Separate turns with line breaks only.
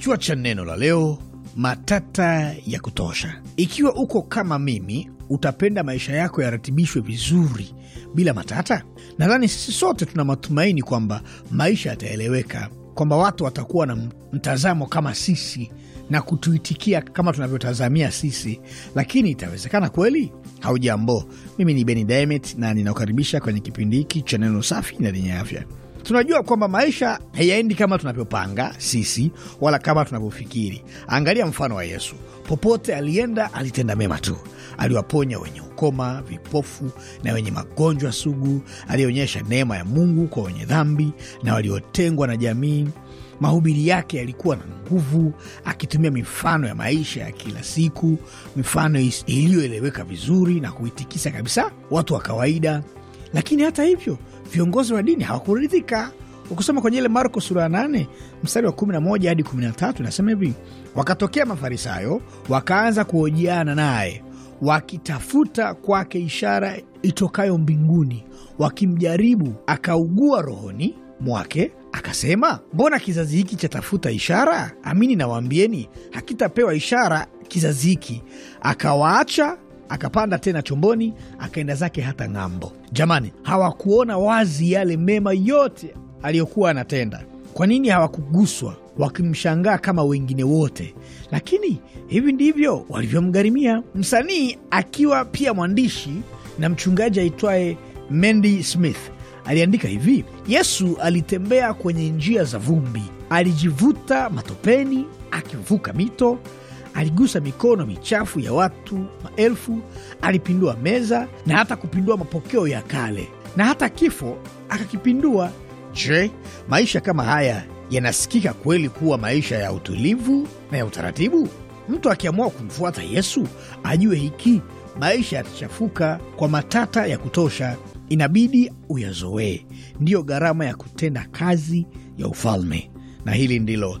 Kichwa cha neno la leo: matata ya kutosha. Ikiwa uko kama mimi, utapenda maisha yako yaratibishwe vizuri bila matata. Nadhani sisi sote tuna matumaini kwamba maisha yataeleweka, kwamba watu watakuwa na mtazamo kama sisi na kutuitikia kama tunavyotazamia sisi, lakini itawezekana kweli? Haujambo, mimi ni Beni Dimet na ninakukaribisha kwenye kipindi hiki cha neno safi na lenye afya. Tunajua kwamba maisha hayaendi kama tunavyopanga sisi wala kama tunavyofikiri. Angalia mfano wa Yesu, popote alienda alitenda mema tu. Aliwaponya wenye ukoma, vipofu na wenye magonjwa sugu. Alionyesha neema ya Mungu kwa wenye dhambi na waliotengwa na jamii. Mahubiri yake yalikuwa na nguvu, akitumia mifano ya maisha ya kila siku, mifano iliyoeleweka vizuri na kuitikisa kabisa watu wa kawaida. Lakini hata hivyo viongozi wa dini hawakuridhika. Ukisoma kwenye ile Marko sura ya 8 mstari wa 11 hadi 13, inasema hivi: wakatokea Mafarisayo wakaanza kuhojiana naye, wakitafuta kwake ishara itokayo mbinguni, wakimjaribu. Akaugua rohoni mwake akasema, mbona kizazi hiki chatafuta ishara? Amini nawaambieni, hakitapewa ishara kizazi hiki. Akawaacha akapanda tena chomboni akaenda zake hata ng'ambo. Jamani, hawakuona wazi yale mema yote aliyokuwa anatenda? Kwa nini hawakuguswa wakimshangaa kama wengine wote? Lakini hivi ndivyo walivyomgharimia msanii, akiwa pia mwandishi na mchungaji aitwaye Mandy Smith aliandika hivi: Yesu alitembea kwenye njia za vumbi, alijivuta matopeni, akivuka mito aligusa mikono michafu ya watu maelfu, alipindua meza na hata kupindua mapokeo ya kale, na hata kifo akakipindua. Je, maisha kama haya yanasikika kweli kuwa maisha ya utulivu na ya utaratibu? Mtu akiamua kumfuata Yesu ajue hiki, maisha yatachafuka kwa matata ya kutosha, inabidi uyazoee. Ndiyo gharama ya kutenda kazi ya ufalme, na hili ndilo